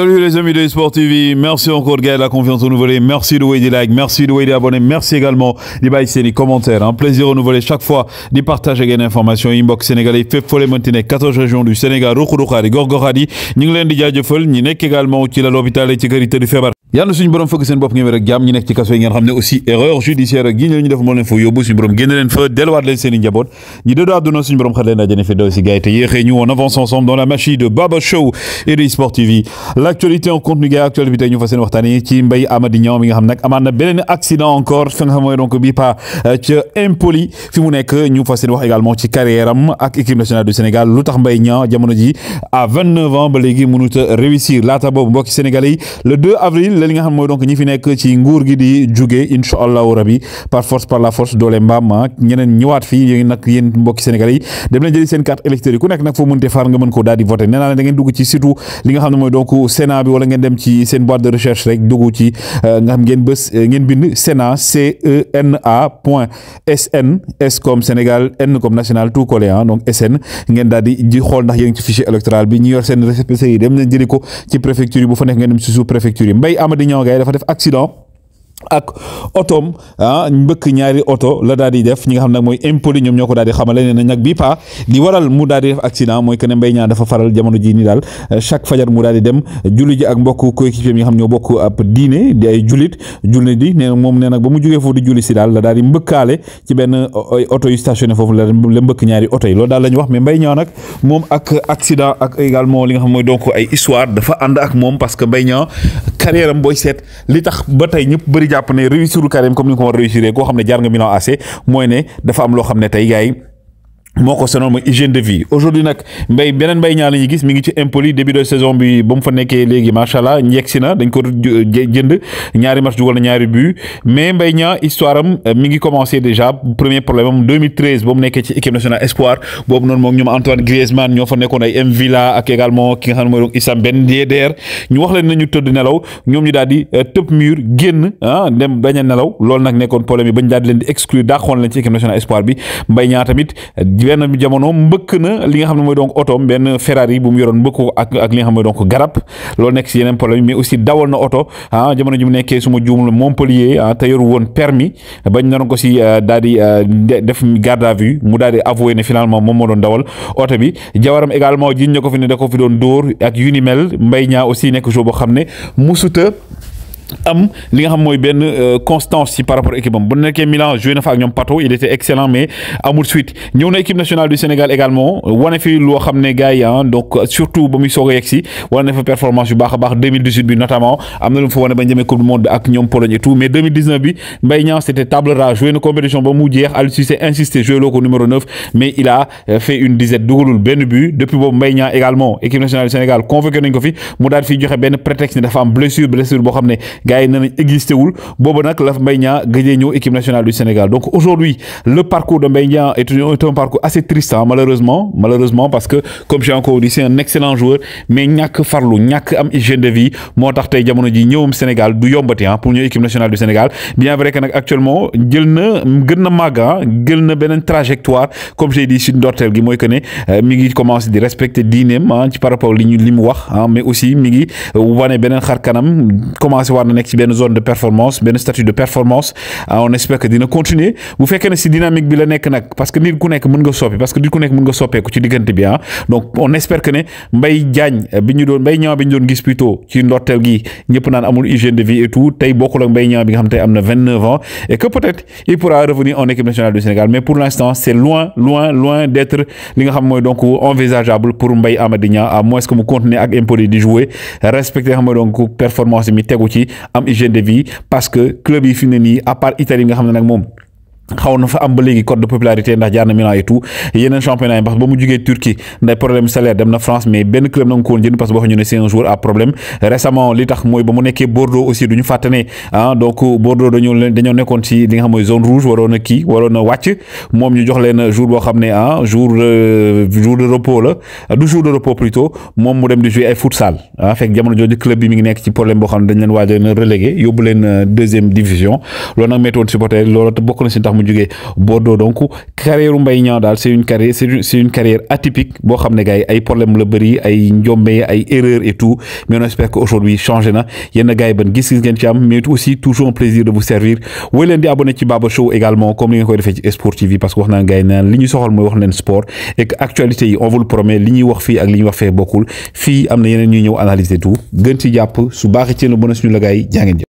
Salut les amis de Sport TV, merci encore de la confiance renouvelée, merci de des likes, merci de des abonnés, merci également de baisser les commentaires, un plaisir renouvelé chaque fois de partager des informations, inbox sénégalais, fait folle maintenant 14 régions du Sénégal, Rokhouroukhari, Gorgoradi, ñu ngi leen di ñi également ci la l'hôpital et ci kër février. tëdd feebar suñu borom fëgg seen bop ngeen rek jam ñi nekk ci kaso yi ngeen aussi erreur judiciaire gi ñu def moo leen fa yóbbu suñu borom génne leen fa delluwaat leen seen i njaboot ñi de àdduna suñu borom xat leen dajane fi do ci gars yi ñu on avance ensemble dans la machine de Baba Show et de Sport TV l'actualité compte continue gars actuel bi tey ñu fas yéene waxtaanee ci Mbaye Amady Niang bi nga xam nag amaan na accident encore fi nga xam donc bii pa euh, ca impoli fi mu nekk ñu fas yéene wax également ci carrière am ak équipe nationale du Sénégal lu Mbaye Niang jamono ji à 29 ans ba léegi mënut a réussir laata boobu mbokki Sénégalais le 2 avril la li nga xam mooy donc ñi fi nekk ci nguur gi di jugee inshallah allahu rabi par force par la force doole mbaam ah ñeneen ñëwaat fii yéen nag yéen mbokki Sénégalais yi dem leen jëli seen carte électeur yi ku nekk nag foo mënte faar nga mën koo daal di voter nee naa da ngeen dugg ci surtout li nga xam ne donc Sénat vous wala boîte de recherche rek dugg ci euh, nga ngeen euh, Sénat C E N A S N S comme Sénégal N comme national tout collé hein, donc SN ngeen daal di di xol ndax ci fichier électoral bi ñu yor yi dem ko ci préfecture bu fa ngeen dem accident. ak otoom ah mbëkk ñaari oto la daal di def ñi nga xam nag mooy impoli ñoom ñoo ko daal di xamale ne nag bii paa li waral mu daal di def accident mooy que ne mbay ñaa dafa faral jamono eh, xam ñoo bokk ab moom nee nag ñaari oto yi loolu daal la wax mais mbay ñaa nag moom ak accident ak également li nga xam moom parce que mbay ñaa carrière booy seet li tax ba tey ñëpp bëri jàpp ne réussirul Karim comme ni nga ko war a réussir koo xam ne jaar nga Milan AC mooy ne dafa am loo xam ne tey gars moko ko sonal mooy hygiène de vie aujourd'hui nak mbay benen mbay ñaan la gis mi ngi ci impoli début de saison bi ba mu fa nekké légui machallah ñexina dañ ko euh, jënd ñaari match dugal na ñaari but mais mbay ñaan histoire am euh, mi ngi commencer déjà premier problème 2013 ba mu nekké ci équipe nationale espoir bobu non moom ñoom Antoine Griezmann ñoo fa nekkoon ay M Villa ak également ki nga xam ne mooy donc Ben Yedder ñu wax leen nañu teud nelaw ñom ñu daal di euh, mur génn ah dem bañ a nelaw lool nak nekkoon problème bi ba ñu leen di exclure daaxoon leen ci équipe nationale espoir bi mbay ñaan tamit benn jamono mbëkk na li nga xam ne mooy donc otoom benn Ferrari bu mu yoroon mbëkk ko ak ak li nga xam ne mooy donc garab loolu nekk si yeneen problème mais aussi dawal na oto ah, jamono ji mu nekkee su ma juumul Montpellier ah te yoru woon permis bañ naroon ko si ah, daal di ah, def garde à vue mu daal di avoué ne finalement moom moo doon dawal oto bi jawaram également jiñ na ko fi ne da ko fi doon dóor ak yu ni mel mbay ñaa aussi nekk jour boo xam ne musuta am li nga xam moy ben euh, constance ci par rapport équipe am bu nekkee Milan joué na fa ak ñoom Pato il était excellent mais amul suite ñëw na équipe nationale du Sénégal également one fi lo xamné ne gars ah, donc surtout bu mi soog a yegg na fa performance yu baax baax 2018 bi notamment am na lu mu fa wane ba njëmee coupe du monde ak ñom Pologne et tout mais 2019 bi Mbaye Niang c'était table rase joué une compétition ba mu jeex al Cissé insisté joué loko numéro 9 mais il a euh, fait une dizaine dugalul ben but depuis boobu Mbaye Niang également équipe nationale du Sénégal convoqué nañ ko fi mu daal fi joxé ben prétexte ne dafa am blessure blessure bo xamné gars yi nee nañ existé wul boobu la Mbaye Niang gëjee équipe nationale du Sénégal donc aujourd'hui le parcours de Mbaye est un parcours assez triste hein, malheureusement malheureusement parce que comme j'ai encore dit c'est un excellent joueur mais ñàkk farlu ñàkk am hygiène de vie moo tax tey jamono ji ñëwum Sénégal du yombati hein, pour une équipe nationale du Sénégal bien vrai que nag actuellement il ne gën na màgg hein, ah une trajectoire comme j'ai dit si d'hôtel gi mooy que ne euh, mi ngi di respecter dinem ah hein, ci par rapport li ñu li wax mais aussi mi ngi wane beneen xar kanam commencé voir nek ci une zone de performance un statut de performance euh, on espère que dina continuer bu fekkee ne si dynamique bi la nek nak parce que nit ku nekk mën nga soppi parce que nit ku nekk mën nga soppeeku ci diganté bi hein donc on espère que ne mbay Diagne euh, biñu ñu doon Mbaye Niang bi doon gis plutôt ci ndorteel gi ñep naan amul hygiène de vie et tout tay bokul ak Mbaye Niang bi nga xam 29 amna 29 ans et que peut être il pourra revenir en équipe nationale du Sénégal mais pour l'instant, c'est loin loin loin d'être li nga xam moy donc envisageable pour mbay Amady Niang à moins que mu continuer ak impoli di jouer respecter xam donc performance mi tegu ci am hygiène de vie parce que club yi fi mu ne nii Italie nga xam ne nag moom. xaw na fa am ba léegi code de popularité ndax jarna na et tout yeneen championnat yi parce que ba mu jugee Turquie ndax problème salaire dem na France mais ben club nang ko woon jënd parce que xone ne c'est un joueur à problème récemment li tax mooy ba mu Bordeaux aussi duñu fatané ah, hein donc Bordeaux dañu dañu dañoo ci li nga xam mooy zone rouge warona ki warona waroon mom ñu jox leen jour bo xamné hein ah, jour jour de repos la ah, du jour de repos plutôt mom mu dem di jouer ay futsal ah fekk jamono jooju club bi mi ngi nekk ci problème bo xamné dañ leen wajé na relégué yóbbu leen euh, deuxième division loolu nag météo supporter loolu bokku na ci tax mu Bordeaux donc carrière Mbaye Niang daal c'est une carrière c'est une carrière atypique bo xamné gay ay problème le bëri ay njombe ay erreur et tout mais on espère qu'aujourd'hui aujourd'hui changé na yenn gay ben ban gis-gis ngeen ci am mais aussi toujours un plaisir de vous servir woy leen di abonné ci Baba Show également comme li nga koy defee ci Sport TV parce que waxna gay na liñu naan soxal wax leen sport et que actualité on vous le promet liñu wax fi ak liñu wax fee bokul fi amna na ñu ñëw analyser tout gën ci jàpp su baaxee ci le bonus ñu la gay jangé